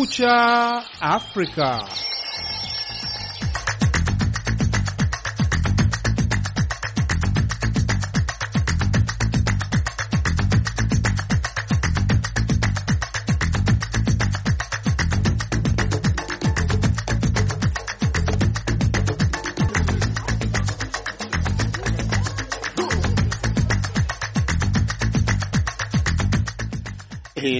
Kucha Africa.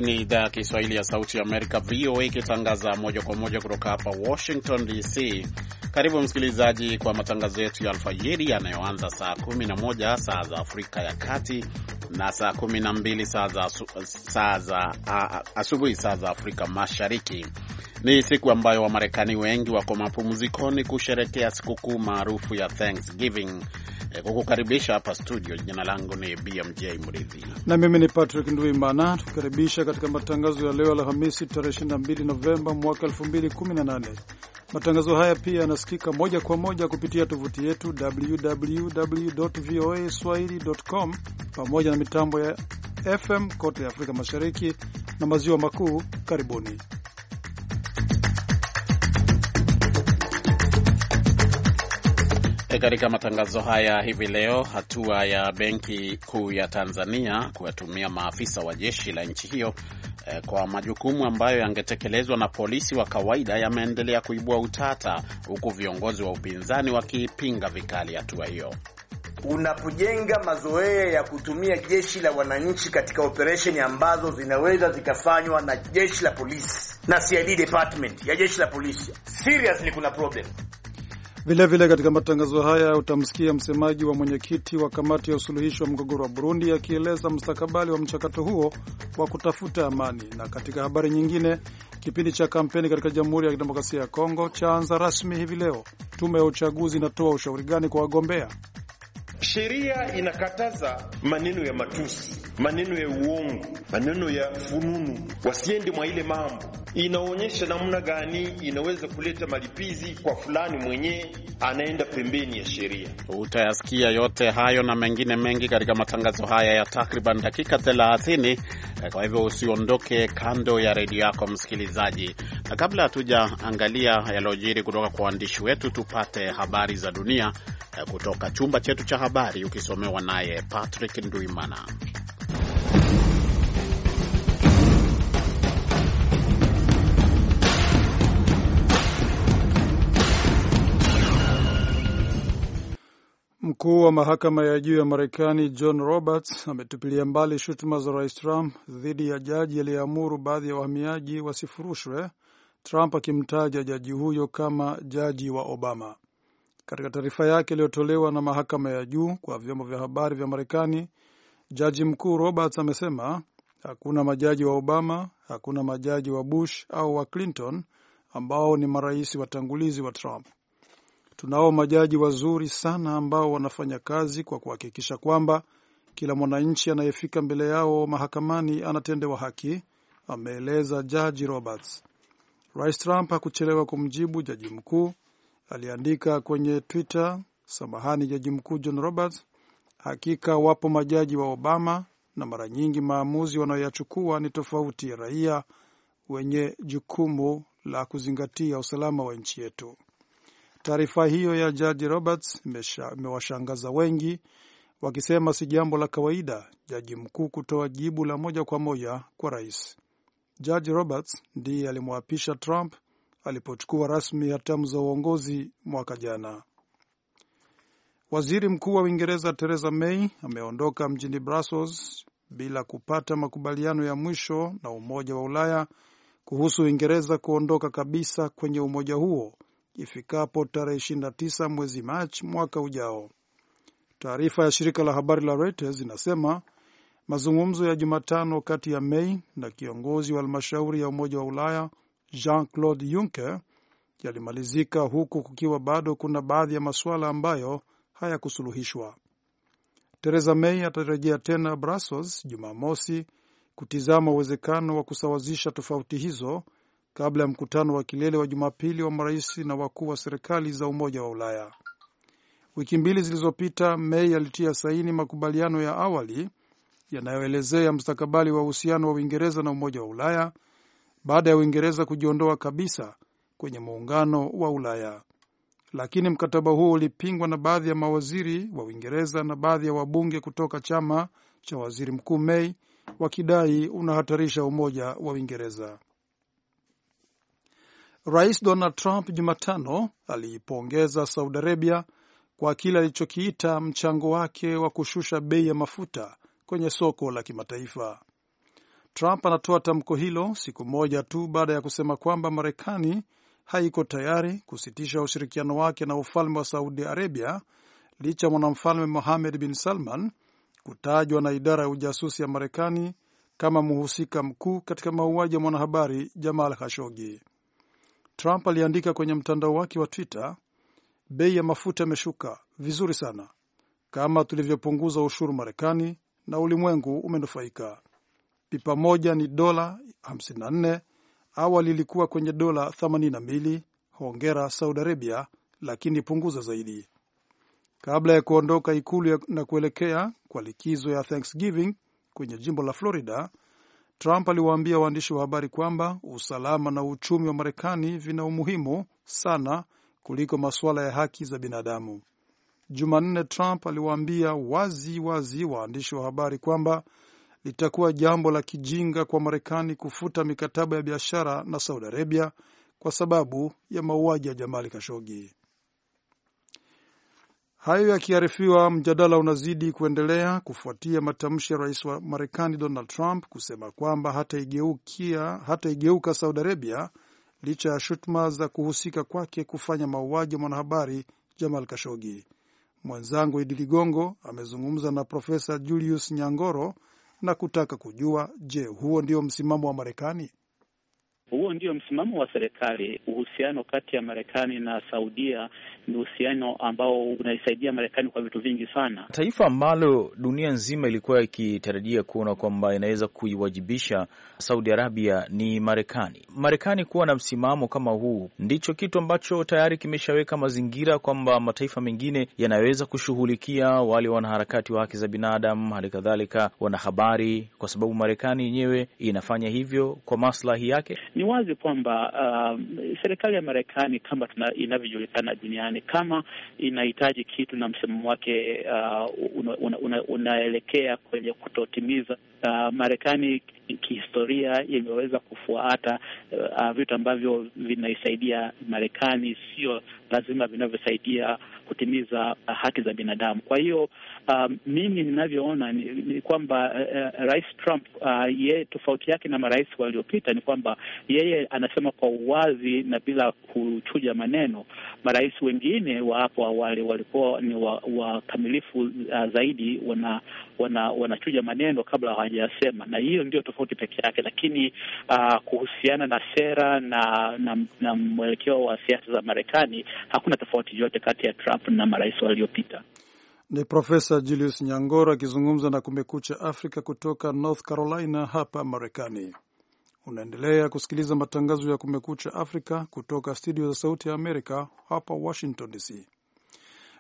Hii ni idhaa ya Kiswahili ya Sauti ya Amerika, VOA, ikitangaza moja kwa moja kutoka hapa Washington DC. Karibu msikilizaji, kwa matangazo yetu ya alfajiri yanayoanza saa 11 saa za Afrika ya Kati na saa 12 saa za, saa za asubuhi saa za Afrika Mashariki. Ni siku ambayo Wamarekani wengi wako mapumzikoni kusherekea sikukuu maarufu ya Thanksgiving Eh, kukukaribisha hapa studio. Jina langu ni BMJ Mridhi na mimi ni Patrick Nduimana, tukukaribisha katika matangazo ya leo Alhamisi tarehe 22 Novemba mwaka 2018. Matangazo haya pia yanasikika moja kwa moja kupitia tovuti yetu www voa swahili.com, pamoja na mitambo ya FM kote Afrika Mashariki na Maziwa Makuu. Karibuni. E, katika matangazo haya hivi leo, hatua ya Benki Kuu ya Tanzania kuwatumia maafisa wa jeshi la nchi hiyo e, kwa majukumu ambayo yangetekelezwa na polisi wa kawaida yameendelea kuibua utata, huku viongozi wa upinzani wakiipinga vikali hatua hiyo. Unapojenga mazoea ya kutumia jeshi la wananchi katika operesheni ambazo zinaweza zikafanywa na jeshi la polisi na CID department ya jeshi la polisi, seriously kuna problem. Vilevile vile katika matangazo haya utamsikia msemaji wa mwenyekiti wa kamati ya usuluhishi wa mgogoro wa Burundi akieleza mustakabali wa mchakato huo wa kutafuta amani. Na katika habari nyingine, kipindi cha kampeni katika Jamhuri ya Kidemokrasia ya Kongo chaanza rasmi hivi leo. Tume ya uchaguzi inatoa ushauri gani kwa wagombea? Sheria inakataza maneno ya matusi, maneno ya uongo, maneno ya fununu, wasiende mwa ile mambo. Inaonyesha namna gani inaweza kuleta malipizi kwa fulani mwenyewe anaenda pembeni ya sheria. Utayasikia yote hayo na mengine mengi katika matangazo haya ya takriban dakika 30. Kwa hivyo usiondoke kando ya redio yako msikilizaji, na kabla hatujaangalia yaliyojiri kutoka kwa waandishi wetu, tupate habari za dunia kutoka chumba chetu cha habari ukisomewa naye Patrick Nduimana. Mkuu wa mahakama ya juu ya Marekani John Roberts ametupilia mbali shutuma za rais Trump dhidi ya jaji aliyeamuru baadhi ya wahamiaji wasifurushwe, Trump akimtaja jaji huyo kama jaji wa Obama. Katika taarifa yake iliyotolewa na mahakama ya juu kwa vyombo vya habari vya Marekani, jaji mkuu Roberts amesema hakuna majaji wa Obama, hakuna majaji wa Bush au wa Clinton ambao ni marais watangulizi wa Trump. Tunao majaji wazuri sana ambao wanafanya kazi kwa kuhakikisha kwamba kila mwananchi anayefika mbele yao mahakamani anatendewa haki, ameeleza jaji Roberts. Rais Trump hakuchelewa kumjibu jaji mkuu aliandika kwenye Twitter, samahani jaji mkuu John Roberts, hakika wapo majaji wa Obama na mara nyingi maamuzi wanayoyachukua ni tofauti ya raia wenye jukumu la kuzingatia usalama wa nchi yetu. Taarifa hiyo ya jaji Roberts imewashangaza wengi, wakisema si jambo la kawaida jaji mkuu kutoa jibu la moja kwa moja kwa rais. Jaji Roberts ndiye alimwapisha Trump alipochukua rasmi hatamu za uongozi mwaka jana. Waziri Mkuu wa Uingereza Theresa May ameondoka mjini Brussels bila kupata makubaliano ya mwisho na Umoja wa Ulaya kuhusu Uingereza kuondoka kabisa kwenye umoja huo ifikapo tarehe 29 mwezi Machi mwaka ujao. Taarifa ya shirika la habari la Reuters inasema mazungumzo ya Jumatano kati ya May na kiongozi wa halmashauri ya Umoja wa Ulaya Jean-Claude Juncker yalimalizika huku kukiwa bado kuna baadhi ya masuala ambayo hayakusuluhishwa. Theresa May atarejea tena Brussels Jumamosi kutizama uwezekano wa kusawazisha tofauti hizo kabla ya mkutano wa kilele wa Jumapili wa marais na wakuu wa serikali za Umoja wa Ulaya. Wiki mbili zilizopita, May alitia saini makubaliano ya awali yanayoelezea ya mstakabali wa uhusiano wa Uingereza na Umoja wa Ulaya baada ya Uingereza kujiondoa kabisa kwenye muungano wa Ulaya. Lakini mkataba huo ulipingwa na baadhi ya mawaziri wa Uingereza na baadhi ya wabunge kutoka chama cha waziri mkuu May wakidai unahatarisha umoja wa Uingereza. Rais Donald Trump Jumatano aliipongeza Saudi Arabia kwa kile alichokiita mchango wake wa kushusha bei ya mafuta kwenye soko la kimataifa. Trump anatoa tamko hilo siku moja tu baada ya kusema kwamba Marekani haiko tayari kusitisha ushirikiano wake na ufalme wa Saudi Arabia licha ya mwanamfalme Mohammed bin Salman kutajwa na idara ya ujasusi ya Marekani kama mhusika mkuu katika mauaji ya mwanahabari Jamal Khashoggi. Trump aliandika kwenye mtandao wake wa Twitter, bei ya mafuta imeshuka vizuri sana, kama tulivyopunguza ushuru Marekani na ulimwengu umenufaika. Pipa moja ni dola 54, awali ilikuwa kwenye dola 82. Hongera Saudi Arabia, lakini punguza zaidi. Kabla ya kuondoka ikulu na kuelekea kwa likizo ya Thanksgiving kwenye jimbo la Florida, Trump aliwaambia waandishi wa habari kwamba usalama na uchumi wa Marekani vina umuhimu sana kuliko masuala ya haki za binadamu. Jumanne, Trump aliwaambia wazi wazi waandishi wa habari kwamba litakuwa jambo la kijinga kwa Marekani kufuta mikataba ya biashara na Saudi Arabia kwa sababu ya mauaji ya Jamali Kashogi. Hayo yakiarifiwa, mjadala unazidi kuendelea kufuatia matamshi ya rais wa Marekani Donald Trump kusema kwamba hataigeukia hataigeuka Saudi Arabia licha ya shutuma za kuhusika kwake kufanya mauaji ya mwanahabari Jamal Kashogi. Mwenzangu Idi Ligongo amezungumza na Profesa Julius Nyangoro na kutaka kujua, je, huo ndio msimamo wa Marekani? Huo ndio msimamo wa serikali. Uhusiano kati ya Marekani na Saudia ni uhusiano ambao unaisaidia Marekani kwa vitu vingi sana, taifa ambalo dunia nzima ilikuwa ikitarajia kuona kwamba inaweza kuiwajibisha Saudi Arabia ni Marekani. Marekani kuwa na msimamo kama huu ndicho kitu ambacho tayari kimeshaweka mazingira kwamba mataifa mengine yanaweza kushughulikia wale wanaharakati wa haki za binadamu, hali kadhalika wanahabari, kwa sababu Marekani yenyewe inafanya hivyo kwa maslahi yake ni wazi kwamba uh, serikali ya Marekani kama inavyojulikana duniani, kama inahitaji kitu na msimamo wake uh, una, una, unaelekea kwenye kutotimiza uh, Marekani kihistoria imeweza kufuata uh, vitu ambavyo vinaisaidia Marekani, sio lazima vinavyosaidia kutimiza uh, haki za binadamu. Kwa hiyo um, mimi ninavyoona ni, ni kwamba uh, uh, Rais Trump uh, ye tofauti yake na marais waliopita ni kwamba yeye anasema kwa uwazi na bila kuchuja maneno. Marais wengine wa hapo awali walikuwa ni wakamilifu wa uh, zaidi, wana wanachuja wana maneno kabla hawajasema, na hiyo ndio tofauti peke yake. Lakini uh, kuhusiana na sera na na, na mwelekeo wa siasa za Marekani hakuna tofauti yote kati ya Trump na marais waliopita. Ni Profesa Julius Nyangoro akizungumza na Kumekucha Afrika kutoka North Carolina hapa Marekani. Unaendelea kusikiliza matangazo ya Kumekucha Afrika kutoka studio za Sauti ya Amerika hapa Washington DC.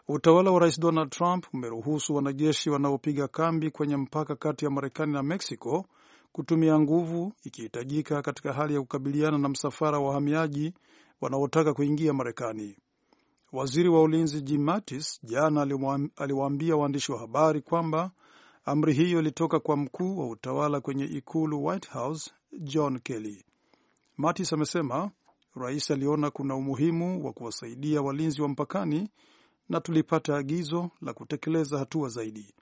Utawala wa Rais Donald Trump umeruhusu wanajeshi wanaopiga kambi kwenye mpaka kati ya Marekani na Mexico kutumia nguvu ikihitajika katika hali ya kukabiliana na msafara wa wahamiaji wanaotaka kuingia Marekani. Waziri wa ulinzi Jim Mattis jana aliwaambia waandishi wa habari kwamba amri hiyo ilitoka kwa mkuu wa utawala kwenye ikulu White House John Kelly. Mattis amesema rais aliona kuna umuhimu wa kuwasaidia walinzi wa mpakani na tulipata agizo la kutekeleza hatua zaidi.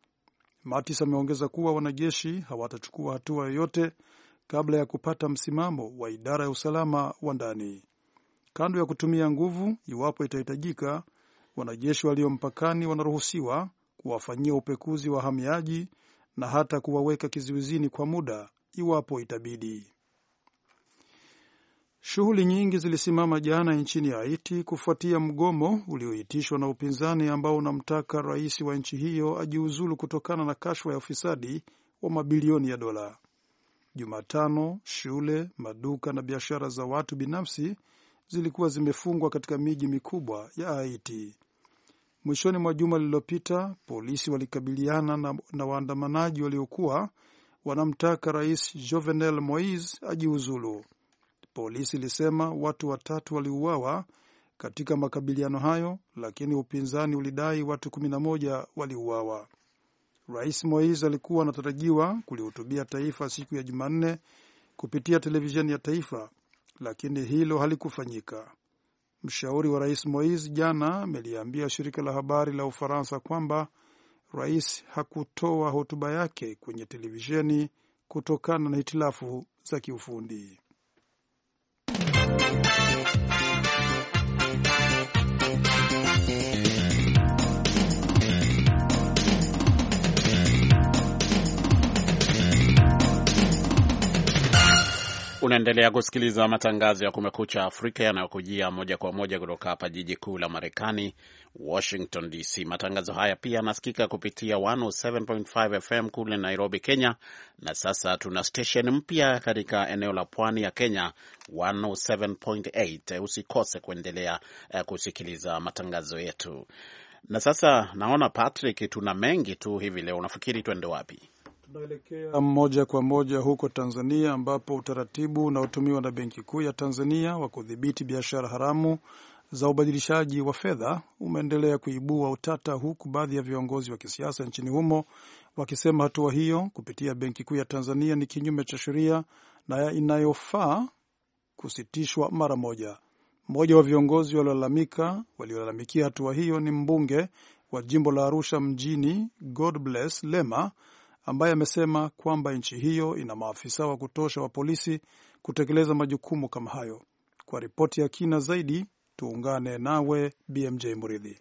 Mattis ameongeza kuwa wanajeshi hawatachukua hatua yoyote kabla ya kupata msimamo wa idara ya usalama wa ndani kando ya kutumia nguvu iwapo itahitajika. Wanajeshi walio mpakani wanaruhusiwa kuwafanyia upekuzi wahamiaji na hata kuwaweka kizuizini kwa muda iwapo itabidi. Shughuli nyingi zilisimama jana nchini Haiti kufuatia mgomo ulioitishwa na upinzani ambao unamtaka rais wa nchi hiyo ajiuzulu kutokana na kashfa ya ufisadi wa mabilioni ya dola. Jumatano, shule, maduka na biashara za watu binafsi zilikuwa zimefungwa katika miji mikubwa ya Haiti. Mwishoni mwa juma lililopita, polisi walikabiliana na, na waandamanaji waliokuwa wanamtaka Rais Jovenel Moise ajiuzulu. Polisi ilisema watu watatu waliuawa katika makabiliano hayo, lakini upinzani ulidai watu 11 waliuawa. Rais Moise alikuwa anatarajiwa kulihutubia taifa siku ya Jumanne kupitia televisheni ya taifa, lakini hilo halikufanyika. Mshauri wa rais mois jana ameliambia shirika la habari la Ufaransa kwamba rais hakutoa hotuba yake kwenye televisheni kutokana na hitilafu za kiufundi. Unaendelea kusikiliza matangazo ya Kumekucha Afrika yanayokujia moja kwa moja kutoka hapa jiji kuu la Marekani, Washington DC. Matangazo haya pia yanasikika kupitia 107.5 FM kule Nairobi, Kenya, na sasa tuna stesheni mpya katika eneo la pwani ya Kenya, 107.8. Usikose kuendelea eh, kusikiliza matangazo yetu. Na sasa naona Patrick, tuna mengi tu hivi leo. Unafikiri tuende wapi? Tunaelekea moja kwa moja huko Tanzania ambapo utaratibu unaotumiwa na Benki Kuu ya Tanzania wa kudhibiti biashara haramu za ubadilishaji wa fedha umeendelea kuibua utata, huku baadhi ya viongozi wa kisiasa nchini humo wakisema hatua hiyo kupitia Benki Kuu ya Tanzania ni kinyume cha sheria na inayofaa kusitishwa mara moja. Mmoja wa viongozi waliolalamika waliolalamikia hatua hiyo ni mbunge wa jimbo la Arusha mjini God Bless Lema ambaye amesema kwamba nchi hiyo ina maafisa wa kutosha wa polisi kutekeleza majukumu kama hayo. Kwa ripoti ya kina zaidi tuungane nawe BMJ Muridhi.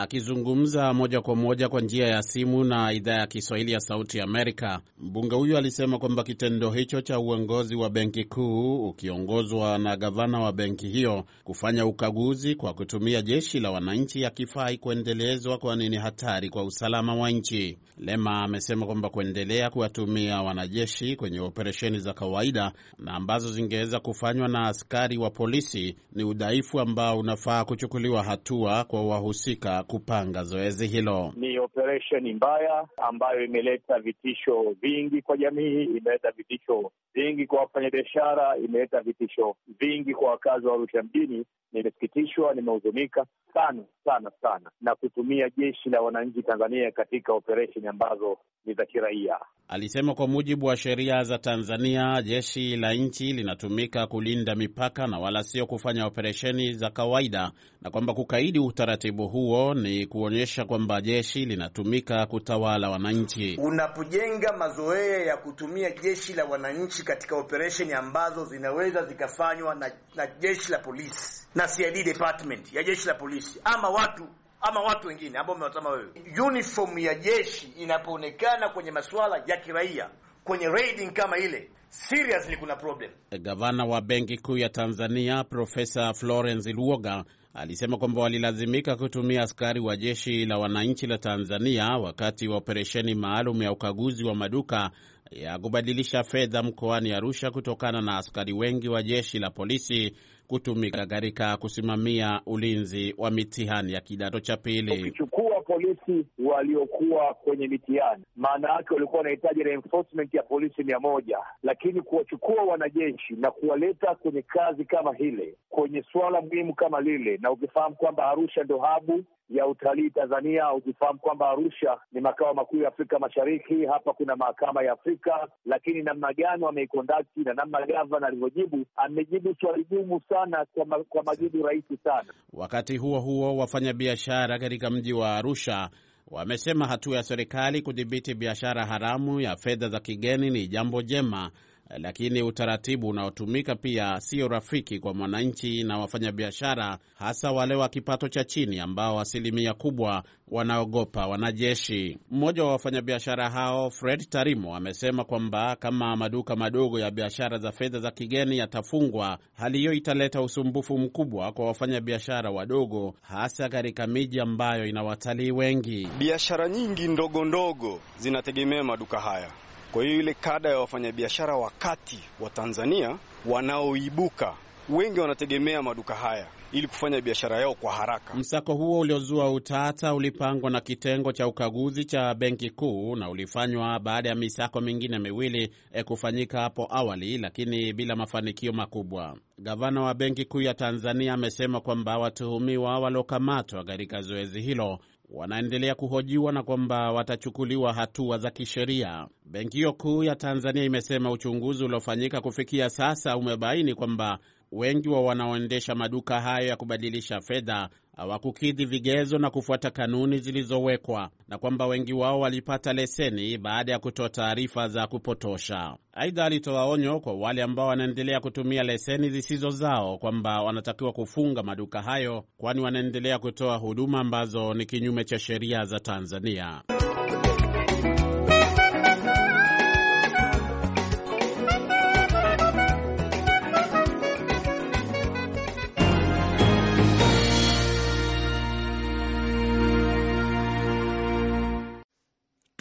Akizungumza moja kwa moja kwa njia ya simu na idhaa ya Kiswahili ya Sauti Amerika, mbunge huyo alisema kwamba kitendo hicho cha uongozi wa benki kuu ukiongozwa na gavana wa benki hiyo kufanya ukaguzi kwa kutumia jeshi la wananchi hakifai kuendelezwa, kwani ni hatari kwa usalama wa nchi. Lema amesema kwamba kuendelea kuwatumia wanajeshi kwenye operesheni za kawaida na ambazo zingeweza kufanywa na askari wa polisi ni udhaifu ambao unafaa kuchukuliwa hatua kwa wahusika kupanga zoezi hilo. Ni operesheni mbaya ambayo imeleta vitisho vingi kwa jamii, imeleta vitisho vingi kwa wafanyabiashara, imeleta vitisho vingi kwa wakazi wa Arusha mjini. Nimesikitishwa, nimehuzunika sana sana sana na kutumia jeshi la wananchi Tanzania katika operesheni ambazo ni za kiraia, alisema. Kwa mujibu wa sheria za Tanzania, jeshi la nchi linatumika kulinda mipaka na wala sio kufanya operesheni za kawaida, na kwamba kukaidi utaratibu huo ni kuonyesha kwamba jeshi linatumika kutawala wananchi. Unapojenga mazoea ya kutumia jeshi la wananchi katika operesheni ambazo zinaweza zikafanywa na, na jeshi la polisi na CID department ya jeshi la polisi ama watu ama watu wengine ambao umewatama wewe, uniform ya jeshi inapoonekana kwenye masuala ya kiraia, kwenye raiding kama ile Seriously, kuna problem. Gavana wa Benki Kuu ya Tanzania Profesa Florence Luoga alisema kwamba walilazimika kutumia askari wa jeshi la wananchi la Tanzania wakati wa operesheni maalum ya ukaguzi wa maduka ya kubadilisha fedha mkoani Arusha kutokana na askari wengi wa jeshi la polisi kutumika katika kusimamia ulinzi wa mitihani ya kidato cha pili. Ukichukua polisi waliokuwa kwenye mitihani, maana yake walikuwa wanahitaji reinforcement ya polisi mia moja, lakini kuwachukua wanajeshi na kuwaleta kwenye kazi kama hile, kwenye suala muhimu kama lile, na ukifahamu kwamba Arusha ndo habu ya utalii Tanzania, Hujifahamu kwamba Arusha ni makao makuu ya Afrika Mashariki. Hapa kuna mahakama ya Afrika, lakini namna gani wameikondakti na namna gavana alivyojibu, amejibu swali gumu sana kwa, kwa majibu rahisi sana. Wakati huo huo, wafanyabiashara katika mji wa Arusha wamesema hatua ya serikali kudhibiti biashara haramu ya fedha za kigeni ni jambo jema lakini utaratibu unaotumika pia sio rafiki kwa mwananchi na wafanyabiashara, hasa wale wa kipato cha chini ambao asilimia kubwa wanaogopa wanajeshi. Mmoja wa wafanyabiashara hao Fred Tarimo amesema kwamba kama maduka madogo ya biashara za fedha za kigeni yatafungwa, hali hiyo italeta usumbufu mkubwa kwa wafanyabiashara wadogo, hasa katika miji ambayo ina watalii wengi. Biashara nyingi ndogo ndogo zinategemea maduka haya kwa hiyo ile kada ya wafanyabiashara wa kati wa Tanzania wanaoibuka wengi wanategemea maduka haya ili kufanya biashara yao kwa haraka. Msako huo uliozua utata ulipangwa na kitengo cha ukaguzi cha benki kuu na ulifanywa baada ya misako mingine miwili e, kufanyika hapo awali, lakini bila mafanikio makubwa. Gavana wa Benki Kuu ya Tanzania amesema kwamba watuhumiwa waliokamatwa katika zoezi hilo wanaendelea kuhojiwa na kwamba watachukuliwa hatua za kisheria. Benki hiyo kuu ya Tanzania imesema uchunguzi uliofanyika kufikia sasa umebaini kwamba wengi wa wanaoendesha maduka hayo ya kubadilisha fedha hawakukidhi vigezo na kufuata kanuni zilizowekwa na kwamba wengi wao walipata leseni baada ya kutoa taarifa za kupotosha. Aidha, alitoa onyo kwa wale ambao wanaendelea kutumia leseni zisizo zao kwamba wanatakiwa kufunga maduka hayo, kwani wanaendelea kutoa huduma ambazo ni kinyume cha sheria za Tanzania.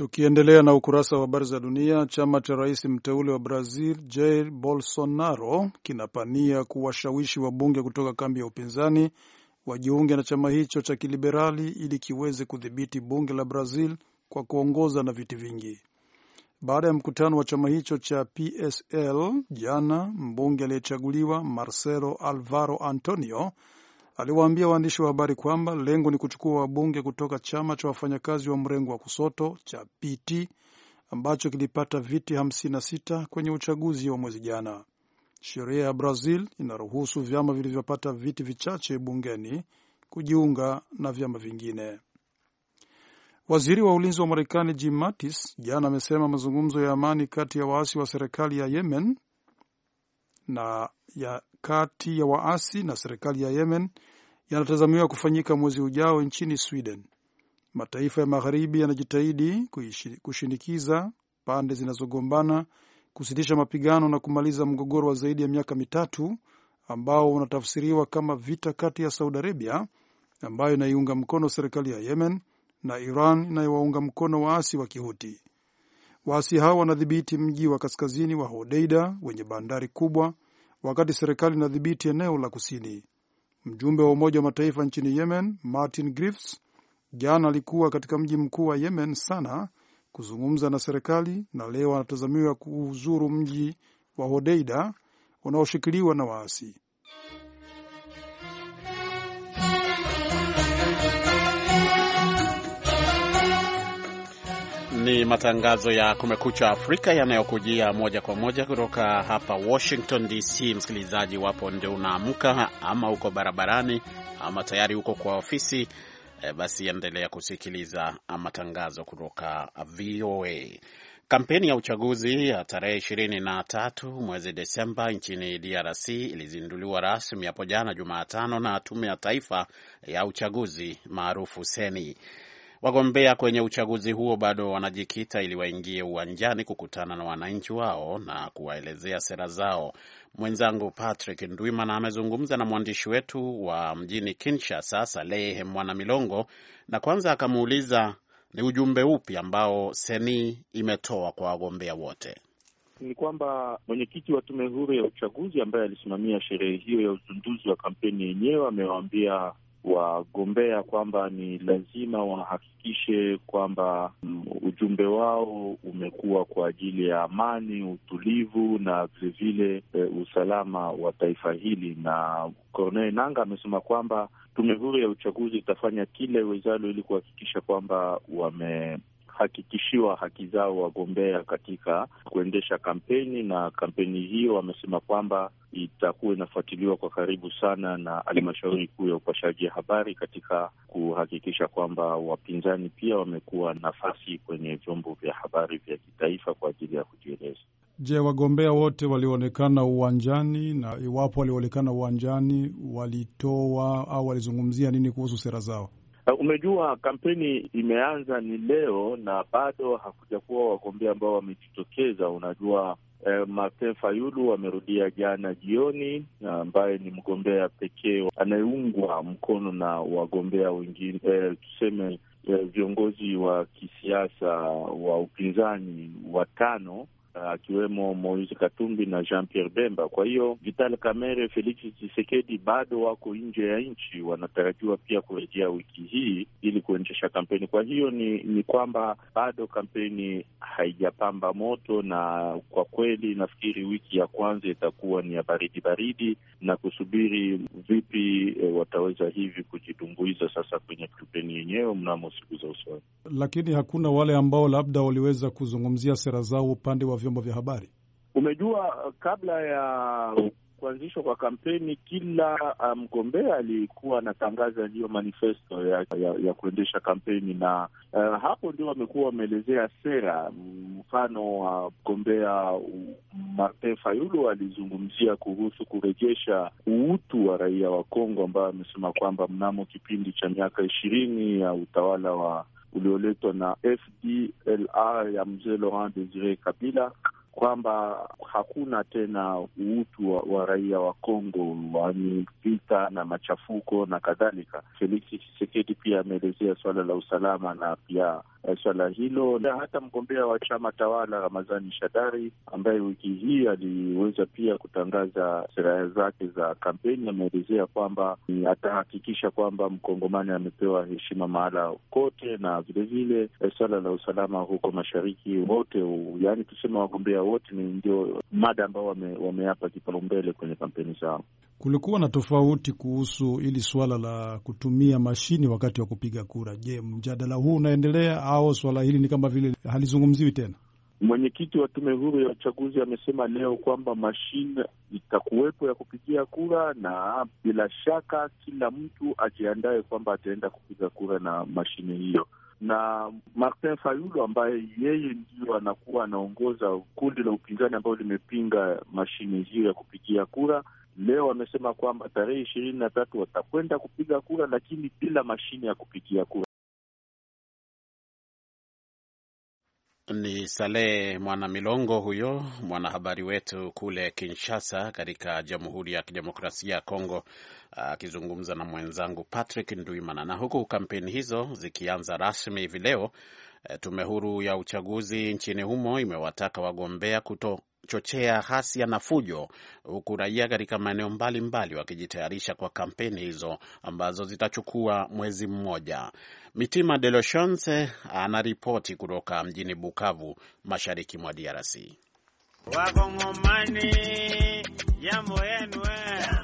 Tukiendelea na ukurasa wa habari za dunia, chama cha rais mteule wa Brazil Jair Bolsonaro kinapania kuwashawishi wabunge kutoka kambi ya upinzani wajiunge na chama hicho cha kiliberali ili kiweze kudhibiti bunge la Brazil kwa kuongoza na viti vingi. Baada ya mkutano wa chama hicho cha PSL jana, mbunge aliyechaguliwa Marcelo Alvaro Antonio aliwaambia waandishi wa habari kwamba lengo ni kuchukua wabunge kutoka chama cha wafanyakazi wa mrengo wa kusoto cha PT ambacho kilipata viti 56 kwenye uchaguzi wa mwezi jana. Sheria ya Brazil inaruhusu vyama vilivyopata viti vichache bungeni kujiunga na vyama vingine. Waziri wa ulinzi wa Marekani Jim Mattis jana amesema mazungumzo ya amani kati ya waasi wa serikali ya Yemen na ya kati ya waasi na serikali ya Yemen yanatazamiwa kufanyika mwezi ujao nchini Sweden. Mataifa ya magharibi yanajitahidi kushinikiza pande zinazogombana kusitisha mapigano na kumaliza mgogoro wa zaidi ya miaka mitatu ambao unatafsiriwa kama vita kati ya Saudi Arabia ambayo inaiunga mkono serikali ya Yemen na Iran inayowaunga mkono waasi wa Kihuti. Waasi hao wanadhibiti mji wa kaskazini wa Hodeida wenye bandari kubwa, wakati serikali inadhibiti eneo la kusini. Mjumbe wa Umoja wa Mataifa nchini Yemen, Martin Griffiths, jana alikuwa katika mji mkuu wa Yemen, Sana, kuzungumza na serikali na leo anatazamiwa kuuzuru mji wa Hodeida unaoshikiliwa na waasi. Ni matangazo ya Kumekucha Afrika yanayokujia moja kwa moja kutoka hapa Washington DC. Msikilizaji wapo ndio unaamka ama uko barabarani ama tayari uko kwa ofisi e, basi endelea kusikiliza matangazo kutoka VOA. Kampeni ya uchaguzi ya tarehe ishirini na tatu mwezi Desemba nchini DRC ilizinduliwa rasmi hapo jana Jumatano na Tume ya Taifa ya Uchaguzi maarufu seni Wagombea kwenye uchaguzi huo bado wanajikita ili waingie uwanjani kukutana na wananchi wao na kuwaelezea sera zao. Mwenzangu Patrick Ndwimana amezungumza na mwandishi wetu wa mjini Kinshasa, Salehe Mwana Milongo, na kwanza akamuuliza ni ujumbe upi ambao seni imetoa kwa wagombea wote. Ni kwamba mwenyekiti wa tume huru ya uchaguzi ambaye alisimamia sherehe hiyo ya uzinduzi wa kampeni yenyewe amewaambia wagombea kwamba ni lazima wahakikishe kwamba mm, ujumbe wao umekuwa kwa ajili ya amani, utulivu na vilevile e, eh, usalama wa taifa hili. Na Corneille Nangaa amesema kwamba tume huru ya uchaguzi itafanya kile wezalo ili kuhakikisha kwamba wame hakikishiwa haki zao wagombea katika kuendesha kampeni, na kampeni hiyo wamesema kwamba itakuwa inafuatiliwa kwa karibu sana na halmashauri kuu ya upashaji habari katika kuhakikisha kwamba wapinzani pia wamekuwa nafasi kwenye vyombo vya habari vya kitaifa kwa ajili ya kujieleza. Je, wagombea wote walioonekana uwanjani na iwapo walioonekana uwanjani walitoa au walizungumzia nini kuhusu sera zao? Eh, umejua, kampeni imeanza ni leo na bado hakujakuwa wagombea ambao wamejitokeza. Unajua eh, Martin Fayulu amerudia jana jioni, ambaye ni mgombea pekee anayeungwa mkono na wagombea wengine eh, tuseme eh, viongozi wa kisiasa wa upinzani watano Uh, akiwemo Moise Katumbi na Jean Pierre Bemba. Kwa hiyo Vital Kamerhe, Felix Tshisekedi bado wako nje ya nchi, wanatarajiwa pia kurejea wiki hii ili kuendesha kampeni. Kwa hiyo ni, ni kwamba bado kampeni haijapamba moto, na kwa kweli nafikiri wiki ya kwanza itakuwa ni ya baridi baridi na kusubiri vipi e, wataweza hivi kujitumbuiza sasa kwenye kampeni yenyewe mnamo siku za usoni. Lakini hakuna wale ambao labda waliweza kuzungumzia sera zao upande wa vyombo vya habari. Umejua, uh, kabla ya kuanzishwa kwa kampeni, kila uh, mgombea um, alikuwa anatangaza hiyo manifesto ya, ya, ya kuendesha kampeni na uh, hapo ndio wamekuwa wameelezea sera. Mfano wa uh, mgombea Martin Fayulu alizungumzia kuhusu kurejesha uutu wa raia wa Kongo, ambayo amesema kwamba mnamo kipindi cha miaka ishirini ya utawala wa ulioletwa na FDLR ya mzee Laurent Desire Kabila kwamba hakuna tena uutu wa, wa raia wa Kongo, wani vita na machafuko na kadhalika. Felix chisekedi pia ameelezea suala la usalama na pia Eh, swala hilo, na hata mgombea wa chama tawala Ramadhani Shadari ambaye wiki hii aliweza pia kutangaza sera zake za kampeni ameelezea kwamba atahakikisha kwamba mkongomani amepewa heshima mahala kote, na vilevile eh, swala la usalama huko mashariki wote, yaani tuseme wagombea wote ni ndio mada ambao wameapa wame kipaumbele kwenye kampeni zao kulikuwa na tofauti kuhusu hili swala la kutumia mashini wakati wa kupiga kura. Je, mjadala huu unaendelea au swala hili ni kama vile halizungumziwi tena? Mwenyekiti wa tume huru ya uchaguzi amesema leo kwamba mashine itakuwepo ya kupigia kura, na bila shaka kila mtu ajiandae kwamba ataenda kupiga kura na mashine hiyo na Martin Fayulu ambaye yeye ndiyo anakuwa anaongoza kundi la upinzani ambayo limepinga mashine hiyo ya kupigia kura. Leo amesema kwamba tarehe ishirini na tatu watakwenda kupiga kura, lakini bila mashine ya kupigia kura. Ni Saleh Mwanamilongo huyo mwanahabari wetu kule Kinshasa, katika Jamhuri ya Kidemokrasia ya Kongo, akizungumza na mwenzangu Patrick Nduimana. Na huku kampeni hizo zikianza rasmi hivi leo, eh, tume huru ya uchaguzi nchini humo imewataka wagombea kuto kuchochea hasia na fujo, huku raia katika maeneo mbalimbali wakijitayarisha kwa kampeni hizo ambazo zitachukua mwezi mmoja. Mitima De Lochance eh, anaripoti kutoka mjini Bukavu, mashariki mwa DRC. Wakongomani, jambo yenu. Eh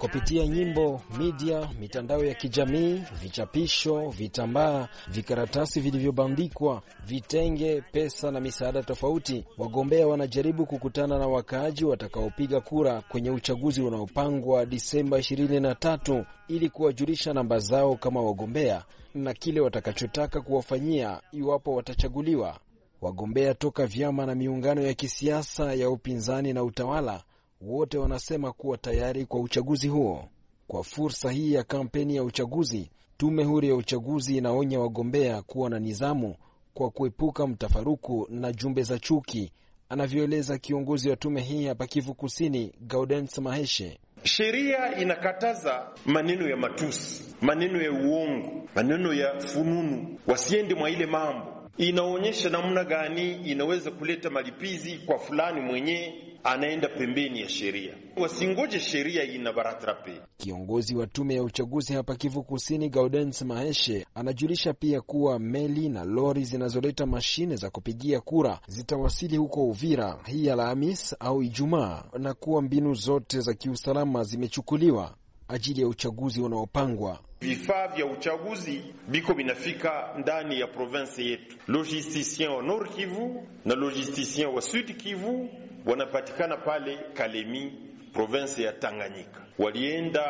kupitia nyimbo, media, mitandao ya kijamii, vichapisho, vitambaa, vikaratasi vilivyobandikwa, vitenge, pesa na misaada tofauti. Wagombea wanajaribu kukutana na wakaaji watakaopiga kura kwenye uchaguzi unaopangwa Disemba 23 ili kuwajulisha namba zao kama wagombea na kile watakachotaka kuwafanyia iwapo watachaguliwa. Wagombea toka vyama na miungano ya kisiasa ya upinzani na utawala wote wanasema kuwa tayari kwa uchaguzi huo. Kwa fursa hii ya kampeni ya uchaguzi, tume huru ya uchaguzi inaonya wagombea kuwa na nidhamu kwa kuepuka mtafaruku na jumbe za chuki, anavyoeleza kiongozi wa tume hii hapa Kivu Kusini, Gaudens Maheshe. Sheria inakataza maneno ya matusi, maneno ya uongo, maneno ya fununu, wasiende mwa ile mambo Inaonyesha namna gani inaweza kuleta malipizi kwa fulani mwenye anaenda pembeni ya sheria, wasingoje sheria ina baratrape. Kiongozi wa tume ya uchaguzi hapa Kivu Kusini, Gaudens Maeshe, anajulisha pia kuwa meli na lori zinazoleta mashine za kupigia kura zitawasili huko Uvira hii Alhamis au Ijumaa, na kuwa mbinu zote za kiusalama zimechukuliwa ajili ya uchaguzi unaopangwa. Vifaa vya uchaguzi biko vinafika ndani ya province yetu. Logisticien wa Nord Kivu na logisticien wa Sud Kivu wanapatikana pale Kalemi, province ya Tanganyika. Walienda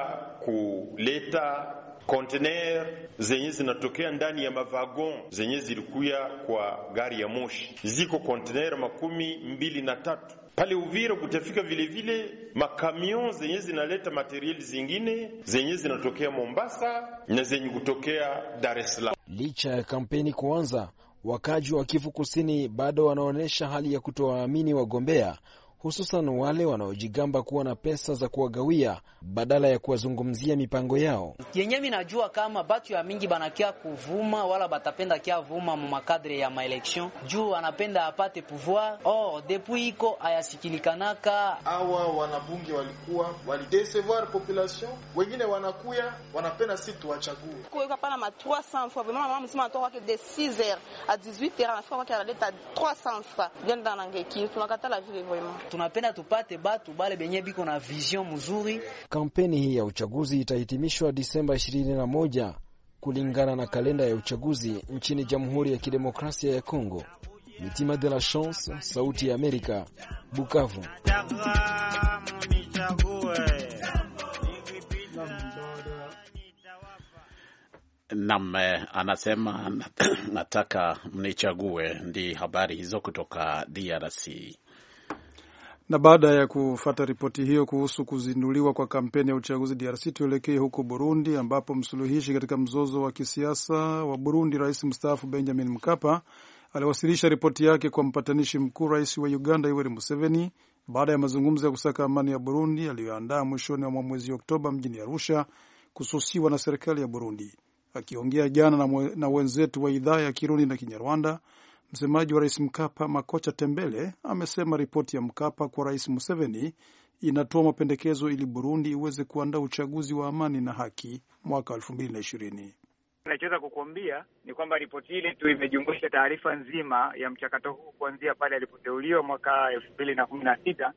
kuleta kontener zenye zinatokea ndani ya mavagon zenye zilikuya kwa gari ya moshi, ziko kontener makumi mbili na tatu pale Uvira kutafika vilevile makamion zenye zinaleta materiali zingine zenye zinatokea Mombasa na zenye kutokea Dar es Salaam. Licha ya kampeni kuanza, wakaji wa Kivu Kusini bado wanaonyesha hali ya kutowaamini wagombea hususan wale wanaojigamba kuwa na pesa za kuwagawia badala ya kuwazungumzia mipango yao yenye. Minajua kama batu ya mingi banakia kuvuma wala batapenda kia vuma mumakadre ya maeleksio juu anapenda apate pouvoir oh, depuis iko ayasikilikanaka. awa wanabunge walikuwa walidesevoir population, wengine wanakuya wanapenda si tuwachague tunapenda tupate batu bale benye biko na vision mzuri. Kampeni hii ya uchaguzi itahitimishwa Disemba 21 kulingana na kalenda ya uchaguzi nchini Jamhuri ya Kidemokrasia ya Kongo. Mitima de la Chance, Sauti ya Amerika, Bukavu. Nam eh, anasema nataka mnichague. Ndi habari hizo kutoka DRC. Na baada ya kufata ripoti hiyo kuhusu kuzinduliwa kwa kampeni ya uchaguzi DRC, tuelekee huko Burundi ambapo msuluhishi katika mzozo wa kisiasa wa Burundi, rais mstaafu Benjamin Mkapa aliwasilisha ripoti yake kwa mpatanishi mkuu, rais wa Uganda Yoweri Museveni baada ya mazungumzo ya kusaka amani ya Burundi aliyoandaa mwishoni mwa mwezi Oktoba mjini Arusha kususiwa na serikali ya Burundi. Akiongea jana na, na wenzetu wa idhaa ya Kirundi na Kinyarwanda, Msemaji wa rais Mkapa, Makocha Tembele, amesema ripoti ya Mkapa kwa rais Museveni inatoa mapendekezo ili Burundi iweze kuandaa uchaguzi wa amani na haki mwaka elfu mbili na ishirini. Nachoweza kukuambia ni kwamba ripoti ile tu imejumuisha taarifa nzima ya mchakato huu kuanzia pale alipoteuliwa mwaka elfu mbili na kumi na sita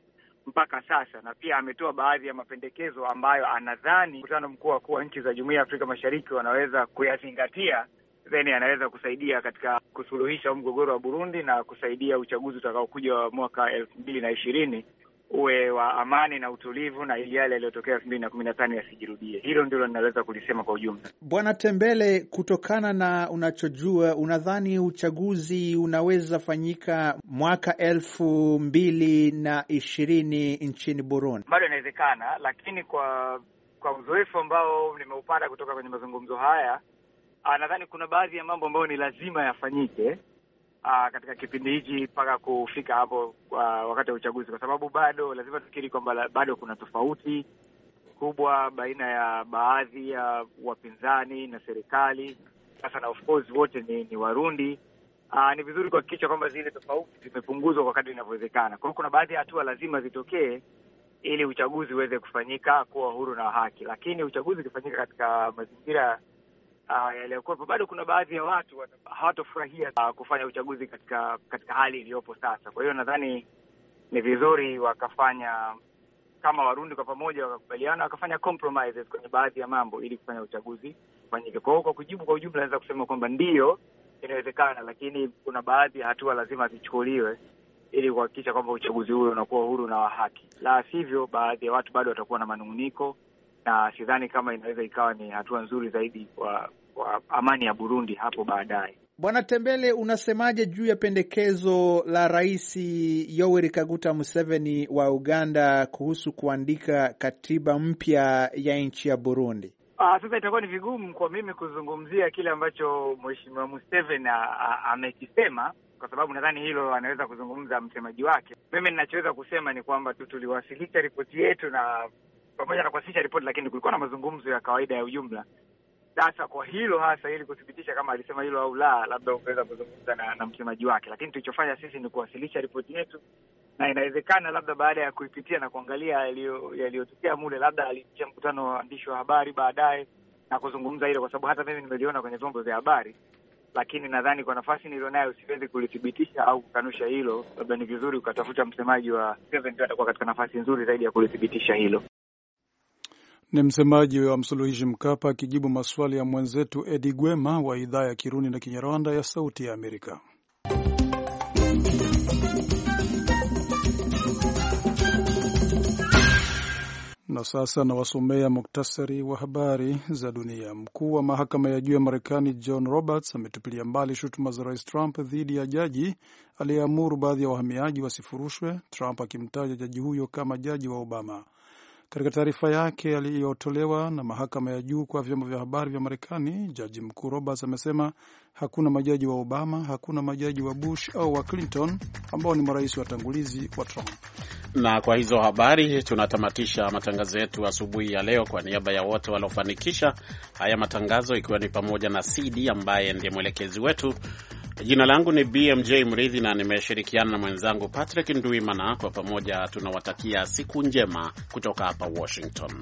mpaka sasa, na pia ametoa baadhi ya mapendekezo ambayo anadhani mkutano mkuu wa wakuu wa nchi za Jumuiya ya Afrika Mashariki wanaweza kuyazingatia then anaweza kusaidia katika kusuluhisha mgogoro wa Burundi na kusaidia uchaguzi utakaokuja wa mwaka elfu mbili na ishirini uwe wa amani na utulivu na ili yale yaliyotokea elfu mbili na kumi na tano yasijirudie. Hilo ndilo ninaweza kulisema kwa ujumla. Bwana Tembele, kutokana na unachojua, unadhani uchaguzi unaweza fanyika mwaka elfu mbili na ishirini nchini Burundi? Bado inawezekana, lakini kwa kwa uzoefu ambao nimeupata kutoka kwenye mazungumzo haya Ah, nadhani kuna baadhi ya mambo ambayo ni lazima yafanyike ah, katika kipindi hiki mpaka kufika hapo wakati wa uchaguzi, kwa sababu bado lazima tufikiri kwamba bado kuna tofauti kubwa baina ya baadhi ya wapinzani na serikali. Sasa na of course wote ni, ni Warundi. Aa, ah, ni vizuri kuhakikisha kwamba zile tofauti zimepunguzwa kwa kadri inavyowezekana. Kwa hiyo kuna baadhi ya hatua lazima zitokee ili uchaguzi uweze kufanyika kuwa huru na haki, lakini uchaguzi ukifanyika katika mazingira uh, yaliyokuwepo. Bado kuna baadhi ya watu hawatofurahia uh, kufanya uchaguzi katika katika hali iliyopo sasa. Kwa hiyo nadhani ni vizuri wakafanya kama Warundi kwa pamoja wakakubaliana wakafanya compromises kwenye baadhi ya mambo ili kufanya uchaguzi ufanyike. Kwa hiyo kwa kujibu kwa ujumla, naweza kusema kwamba ndiyo inawezekana, lakini kuna baadhi ya hatua lazima zichukuliwe ili kuhakikisha kwamba uchaguzi huo unakuwa huru na wa haki, la sivyo baadhi ya watu bado watakuwa na manung'uniko na sidhani kama inaweza ikawa ni hatua nzuri zaidi kwa, kwa amani ya Burundi hapo baadaye. Bwana Tembele, unasemaje juu ya pendekezo la Rais Yoweri Kaguta Museveni wa Uganda kuhusu kuandika katiba mpya ya nchi ya Burundi? Aa, ah, sasa itakuwa ni vigumu kwa mimi kuzungumzia kile ambacho Mheshimiwa Museveni amekisema kwa sababu nadhani hilo anaweza kuzungumza msemaji wake. Mimi ninachoweza kusema ni kwamba tu tuliwasilisha ripoti yetu na pamoja na kuwasilisha ripoti, lakini kulikuwa na mazungumzo ya kawaida ya ujumla. Sasa kwa hilo hasa, ili kuthibitisha kama alisema hilo au la, labda ungeweza kuzungumza na, na msemaji wake, lakini tulichofanya sisi ni kuwasilisha ripoti yetu, na inawezekana labda baada ya kuipitia na kuangalia yaliyotokea mule, labda alipitia mkutano wa waandishi wa habari baadaye na kuzungumza hilo, kwa sababu hata mimi nimeliona kwenye vyombo vya habari, lakini nadhani kwa nafasi nilionayo siwezi kulithibitisha au kukanusha hilo. Labda ni vizuri ukatafuta msemaji wa atakuwa katika nafasi nzuri zaidi ya kulithibitisha hilo. Ni msemaji wa msuluhishi Mkapa akijibu maswali ya mwenzetu Edi Gwema wa idhaa ya Kirundi na Kinyarwanda ya Sauti ya Amerika. Na sasa nawasomea muktasari wa habari za dunia. Mkuu wa mahakama ya juu ya Marekani John Roberts ametupilia mbali shutuma za Rais Trump dhidi ya jaji aliyeamuru baadhi ya wahamiaji wasifurushwe, Trump akimtaja jaji huyo kama jaji wa Obama. Katika taarifa yake aliyotolewa na mahakama ya juu kwa vyombo vya habari vya Marekani, jaji mkuu Roberts amesema hakuna majaji wa Obama, hakuna majaji wa Bush au wa Clinton ambao ni marais watangulizi wa Trump. Na kwa hizo habari tunatamatisha matangazo yetu asubuhi ya leo. Kwa niaba ya wote waliofanikisha haya matangazo, ikiwa ni pamoja na CD ambaye ndiye mwelekezi wetu Jina langu ni BMJ Mridhi na nimeshirikiana na mwenzangu Patrick Nduimana. Kwa pamoja tunawatakia siku njema kutoka hapa Washington.